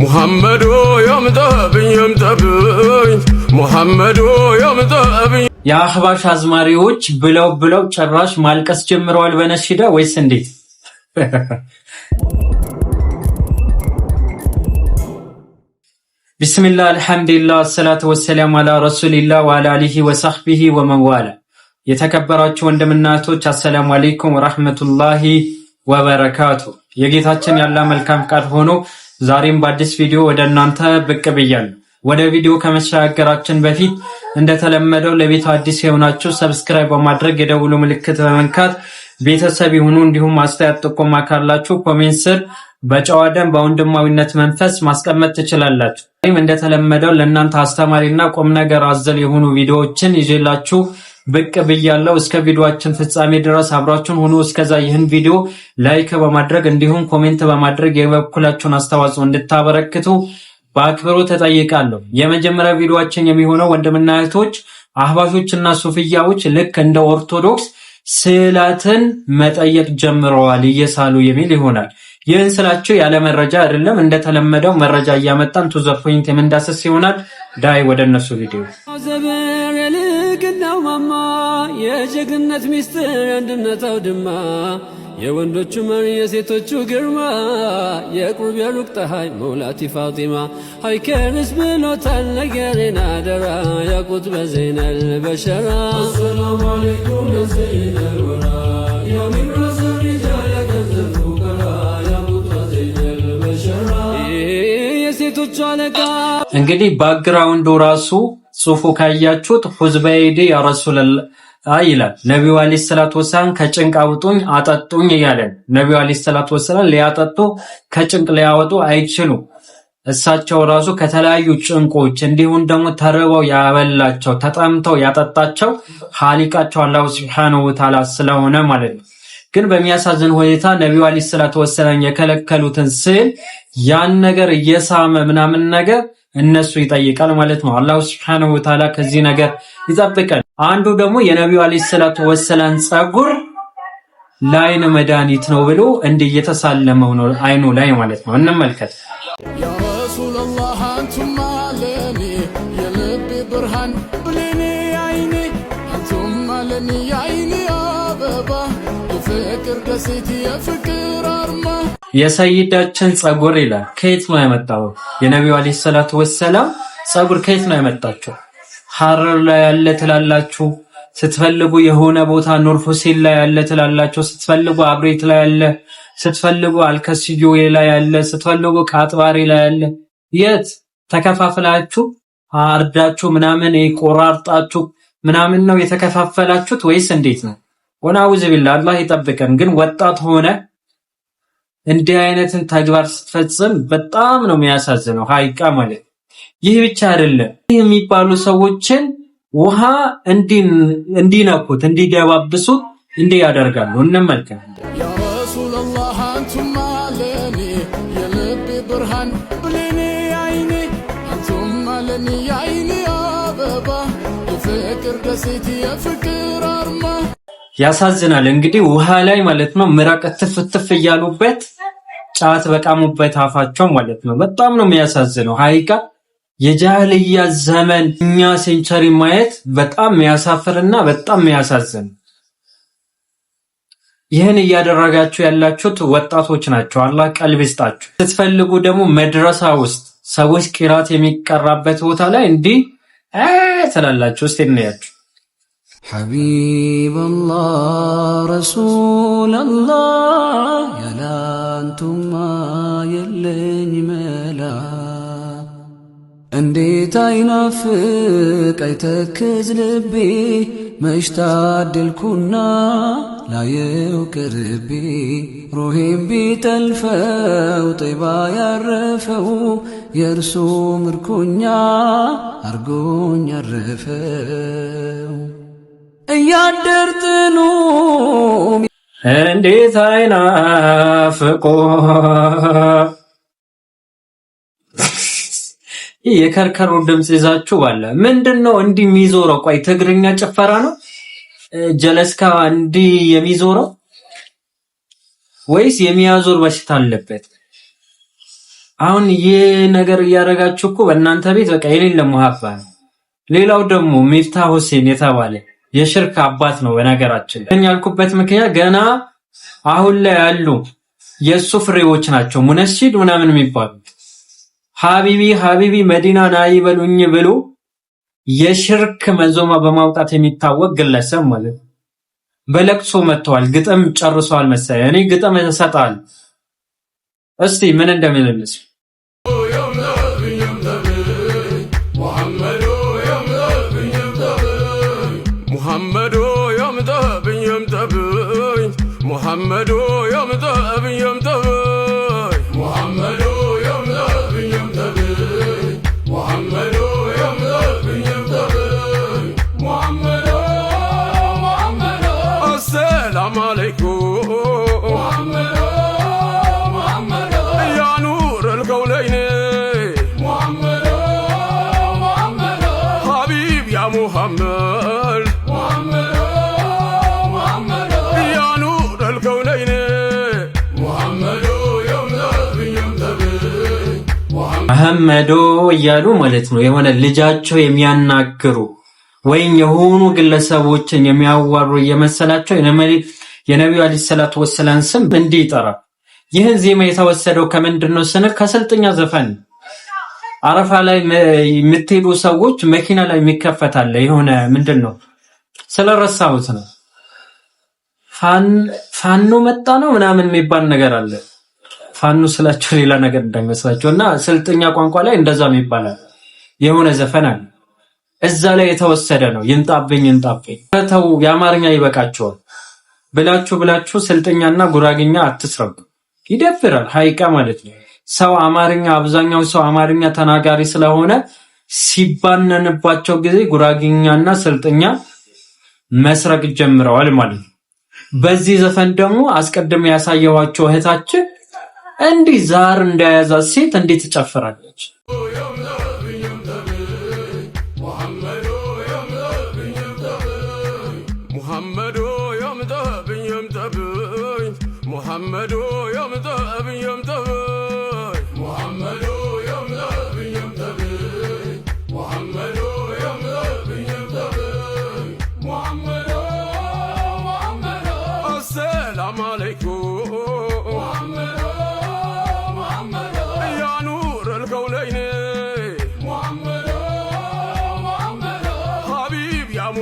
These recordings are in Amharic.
ሙሐመዱ የምጠብኝ የምጠብኝ ሙሐመዱ የምጠብኝ የአህባሽ አዝማሪዎች ብለው ብለው ጭራሽ ማልቀስ ጀምረዋል። በነሺዳ ወይስ እንዴት? ቢስሚላ አልሐምዱሊላህ አሰላቱ ወሰላም አላ ረሱሊላህ ወአላ አሊሂ ወሰህቢሂ ወመንዋላ። የተከበራችሁ ወንድምና እህቶች አሰላሙ አሌይኩም ወራህመቱላሂ ወበረካቱ። የጌታችን ያላ መልካም ቃል ሆኖ ዛሬም በአዲስ ቪዲዮ ወደ እናንተ ብቅ ብያለሁ። ወደ ቪዲዮ ከመሸጋገራችን በፊት እንደተለመደው ለቤት አዲስ የሆናችሁ ሰብስክራይብ በማድረግ የደውሉ ምልክት በመንካት ቤተሰብ ይሁኑ። እንዲሁም አስተያየት ጥቆማ ካላችሁ ኮሜንት ስር በጨዋ ደንብ በወንድማዊነት መንፈስ ማስቀመጥ ትችላላችሁ። ወይም እንደተለመደው ለእናንተ አስተማሪና ቁም ነገር አዘል የሆኑ ቪዲዮዎችን ይዤላችሁ ብቅ ብያለው። እስከ ቪዲዮአችን ፍጻሜ ድረስ አብራችሁን ሁኑ። እስከዛ ይህን ቪዲዮ ላይክ በማድረግ እንዲሁም ኮሜንት በማድረግ የበኩላችሁን አስተዋጽኦ እንድታበረክቱ በአክብሮ ተጠይቃለሁ። የመጀመሪያ ቪዲዮአችን የሚሆነው ወንድምና እህቶች አህባሾችና ሱፍያዎች ልክ እንደ ኦርቶዶክስ ስዕላትን መጠየቅ ጀምረዋል እየሳሉ የሚል ይሆናል። ይህን ስላቸው ያለ መረጃ አይደለም። እንደተለመደው መረጃ እያመጣን ቱዘፖይንት የምንዳሰስ ይሆናል። ዳይ ወደ እነሱ ቪዲዮ ዘበር የልግናው ማማ የጀግነት ሚስጥር አንድነት አውድማ የወንዶቹ መሪ የሴቶቹ ግርማ የቁርብ የሩቅ ጠሃይ መውላቲ ፋጢማ ሀይከርስ ብሎታል ነገሬን አደራ ያቁት በዘይነል በሸራ ሰላሙ አለይኩም ለዘይነል ወራ እንግዲህ ባክግራውንዱ ራሱ ጽሁፉ ካያችሁት ሁዝበ ኢዲ ይላል። ነቢዩ አለ ሰላቱ ወሰላም ከጭንቅ አውጡኝ አጠጡኝ እያለን ነቢዩ አለ ሰላቱ ወሰላም ሊያጠጡ ከጭንቅ ሊያወጡ አይችሉ። እሳቸው ራሱ ከተለያዩ ጭንቆች እንዲሁም ደግሞ ተርበው ያበላቸው ተጠምተው ያጠጣቸው ሀሊቃቸው አላሁ ሱብሓነሁ ወተዓላ ስለሆነ ማለት ነው። ግን በሚያሳዝን ሁኔታ ነቢዩ አለይሂ ሰላቱ ወሰላም የከለከሉትን ስዕል ያን ነገር እየሳመ ምናምን ነገር እነሱ ይጠይቃል ማለት ነው። አላሁ ሱብሓነሁ ወተዓላ ከዚህ ነገር ይጠብቀን። አንዱ ደግሞ የነቢዩ አለይሂ ሰላቱ ወሰላም ጸጉር ለአይን መድኃኒት ነው ብሎ እንዲህ እየተሳለመው ነው አይኑ ላይ ማለት ነው። እንመልከት። ያ አንቱማ ለኔ የልቤ ብርሃን ብሌኔ አይኔ አንቱማ ለኔ ደሴት የፍቅር አርማ የሰይዳችን ጸጉር ይላል። ከየት ነው ያመጣው? የነቢዩ አለይሂ ሰላቱ ወሰላም ጸጉር ከየት ነው ያመጣቸው? ሐረር ላይ ያለ ትላላችሁ፣ ስትፈልጉ የሆነ ቦታ ኑር ሁሴን ላይ ያለ ትላላችሁ፣ ስትፈልጉ አብሬት ላይ ያለ፣ ስትፈልጉ አልከስጆዬ ላይ ያለ፣ ስትፈልጉ ከአጥባሪ ላይ ያለ። የት ተከፋፍላችሁ አርዳችሁ ምናምን ቆራርጣችሁ ምናምን ነው የተከፋፈላችሁት ወይስ እንዴት ነው? ወናውዝ ቢላ አላህ ይጠብቀን። ግን ወጣት ሆነ እንዲህ አይነትን ተግባር ስትፈጽም በጣም ነው የሚያሳዝነው። ሀይቃ ማለት ይህ ብቻ አይደለም። ይህ የሚባሉ ሰዎችን ውሃ እንዲነኩት እንዲደባብሱት እንዲህ ያደርጋሉ። እንመልከት። ብርሃን አርማ ያሳዝናል። እንግዲህ ውሃ ላይ ማለት ነው ምራቅ እትፍ እትፍ እያሉበት ጫት በቃሙበት አፋቸው ማለት ነው። በጣም ነው የሚያሳዝነው ሀቂቃ የጃህልያ ዘመን እኛ ሴንቸሪ ማየት በጣም የሚያሳፍርና በጣም የሚያሳዝን። ይህን እያደረጋችሁ ያላችሁት ወጣቶች ናቸው። አላህ ቀልብ ይስጣችሁ። ስትፈልጉ ደግሞ መድረሳ ውስጥ ሰዎች ቂራት የሚቀራበት ቦታ ላይ እንዲህ ትላላችሁ። እስቲ እናያችሁ። حبيب الله رسول الله يا لانتما يلين ملا تاينا فيك اي تكز لبي مشتاد الكنا لا يكربي روحي بيت الفو طيبا يرفو يرسوم الكنا ارجون يرفو እያደርጥኑ እንዴት አይናፍቆ የከርከሮ ድምፅ ይዛችሁ ባለ ምንድን ነው እንዲህ የሚዞረው? ቆይ ትግርኛ ጭፈራ ነው ጀለስካ እንዲህ የሚዞረው ወይስ የሚያዞር በሽታ አለበት? አሁን ይህ ነገር እያደረጋችሁ እኮ በእናንተ ቤት በቃ የሌለ መሀባ ነው። ሌላው ደግሞ ሚፍታ ሁሴን የተባለ የሽርክ አባት ነው። በነገራችን ላይ ያልኩበት ምክንያት ገና አሁን ላይ ያሉ የእሱ ፍሬዎች ናቸው። ሙነሺድ ምናምን የሚባሉት ሀቢቢ ሀቢቢ መዲና ናይ በሉኝ ብሎ የሽርክ መዞማ በማውጣት የሚታወቅ ግለሰብ ማለት በለቅሶ መጥተዋል። ግጥም ጨርሰዋል መሰለኝ። እኔ ግጥም እሰጣለሁ። እስቲ ምን እንደሚመልስ ተራመዱ አህመዶ እያሉ ማለት ነው የሆነ ልጃቸው የሚያናግሩ ወይም የሆኑ ግለሰቦችን የሚያዋሩ እየመሰላቸው የነቢዩ አለይሂ ሰላቱ ወሰላም ስም እንዲህ ይጠራል። ይህን ዜማ የተወሰደው ከምንድን ነው ስንል ከስልጥኛ ዘፈን አረፋ ላይ የምትሄዱ ሰዎች መኪና ላይ የሚከፈታለ የሆነ ምንድን ነው ስለረሳሁት ነው ፋኖ መጣ ነው ምናምን የሚባል ነገር አለ። ፋኖ ስላቸው ሌላ ነገር እንዳይመስላቸው እና ስልጥኛ ቋንቋ ላይ እንደዛም ይባላል። የሆነ ዘፈን አለ እዛ ላይ የተወሰደ ነው። ይንጣብኝ ይንጣብኝ ተው፣ የአማርኛ ይበቃቸዋል ብላችሁ ብላችሁ ስልጥኛና ጉራግኛ አትስረቡ። ይደብራል፣ ሀይቃ ማለት ነው። ሰው አማርኛ አብዛኛው ሰው አማርኛ ተናጋሪ ስለሆነ ሲባነንባቸው ጊዜ ጉራግኛና ስልጥኛ መስረቅ ጀምረዋል ማለት ነው። በዚህ ዘፈን ደግሞ አስቀድሞ ያሳየኋቸው እህታችን እንዲህ ዛር እንደያዛ ሴት እንዴት ትጨፍራለች? ሙሐመዱ ዮም ጠብኝ ዮም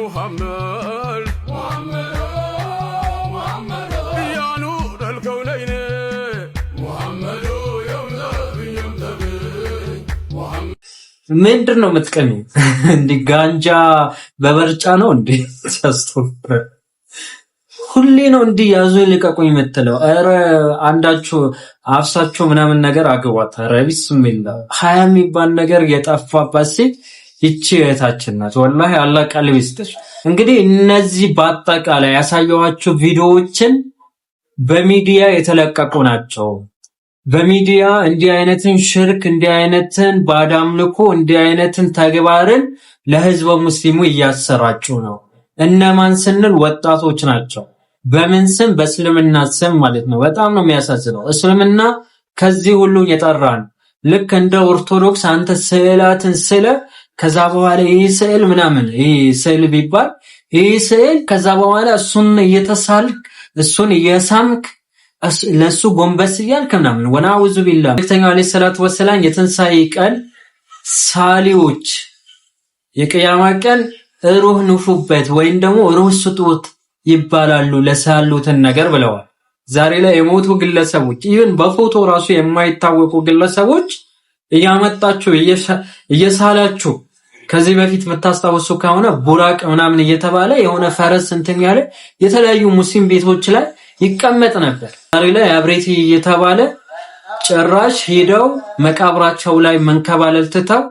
محمد ምንድን ነው የምትቀሚ? እንዲ ጋንጃ በበርጫ ነው እንዲ ሲያስቶፍ ሁሌ ነው እንዲ ያዙ ልቀቁኝ የምትለው? ኧረ አንዳችሁ አፍሳችሁ ምናምን ነገር አግቧት። ኧረ ቢስሚላ ሀያ የሚባል ነገር የጠፋባት ሴት ይቺ እህታችን ናት። ወላሂ አላህ ቀልብ ይስጥሽ። እንግዲህ እነዚህ በአጠቃላይ ያሳየኋቸው ቪዲዮዎችን በሚዲያ የተለቀቁ ናቸው። በሚዲያ እንዲህ አይነትን ሽርክ፣ እንዲህ አይነትን ባዕድ አምልኮ፣ እንዲህ አይነትን ተግባርን ለህዝበ ሙስሊሙ እያሰራጩ ነው። እነማን ስንል ወጣቶች ናቸው። በምን ስም? በእስልምና ስም ማለት ነው። በጣም ነው የሚያሳዝነው። እስልምና ከዚህ ሁሉ የጠራን ልክ እንደ ኦርቶዶክስ አንተ ስዕላትን ስለ ከዛ በኋላ ይህ ስዕል ምናምን ይህ ስዕል ቢባል ይህ ስዕል ከዛ በኋላ እሱን እየተሳልክ እሱን እየሳምክ ለእሱ ጎንበስ እያልክ ምናምን ወናውዙ ቢላ መልክተኛው ዓለይሂ ሰላቱ ወሰላም የትንሣኤ ቀን ሳሊዎች የቅያማ ቀን ሩህ ንፉበት ወይም ደግሞ ሩህ ስጡት ይባላሉ ለሳሉትን ነገር ብለዋል። ዛሬ ላይ የሞቱ ግለሰቦች ይህን በፎቶ ራሱ የማይታወቁ ግለሰቦች እያመጣችሁ እየሳላችሁ ከዚህ በፊት የምታስታውሱ ከሆነ ቡራቅ ምናምን እየተባለ የሆነ ፈረስ እንትን ያለ የተለያዩ ሙስሊም ቤቶች ላይ ይቀመጥ ነበር። ዛሬ ላይ አብሬቲ እየተባለ ጭራሽ ሄደው መቃብራቸው ላይ መንከባለል ትተው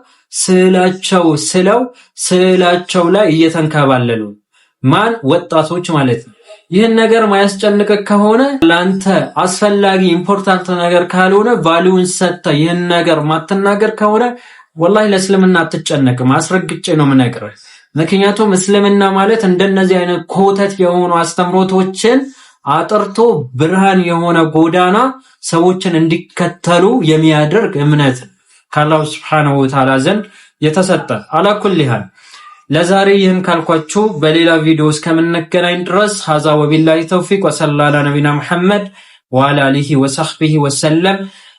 ስዕላቸው ስለው ስዕላቸው ላይ እየተንከባለሉ ማን ወጣቶች ማለት ነው። ይህን ነገር ማያስጨንቅ ከሆነ ለአንተ አስፈላጊ ኢምፖርታንት ነገር ካልሆነ ቫሊውን ሰጥተህ ይህን ነገር ማትናገር ከሆነ ወላሂ ለእስልምና አትጨነቅም፣ አስረግጬ ነው የምነግርህ። ምክንያቱም እስልምና ማለት እንደነዚህ አይነት ኮተት የሆኑ አስተምሮቶችን አጥርቶ ብርሃን የሆነ ጎዳና ሰዎችን እንዲከተሉ የሚያደርግ እምነት ከአላሁ ስብሓነሁ ወተዓላ ዘንድ የተሰጠ አላኩልሃል። ለዛሬ ይህን ካልኳችሁ በሌላ ቪዲዮ እስከምንገናኝ ድረስ ሀዛ ወቢላሂ ተውፊቅ ወሰላላ ነቢና መሐመድ ወአላ አሊሂ ወሰሕቢሂ ወሰለም።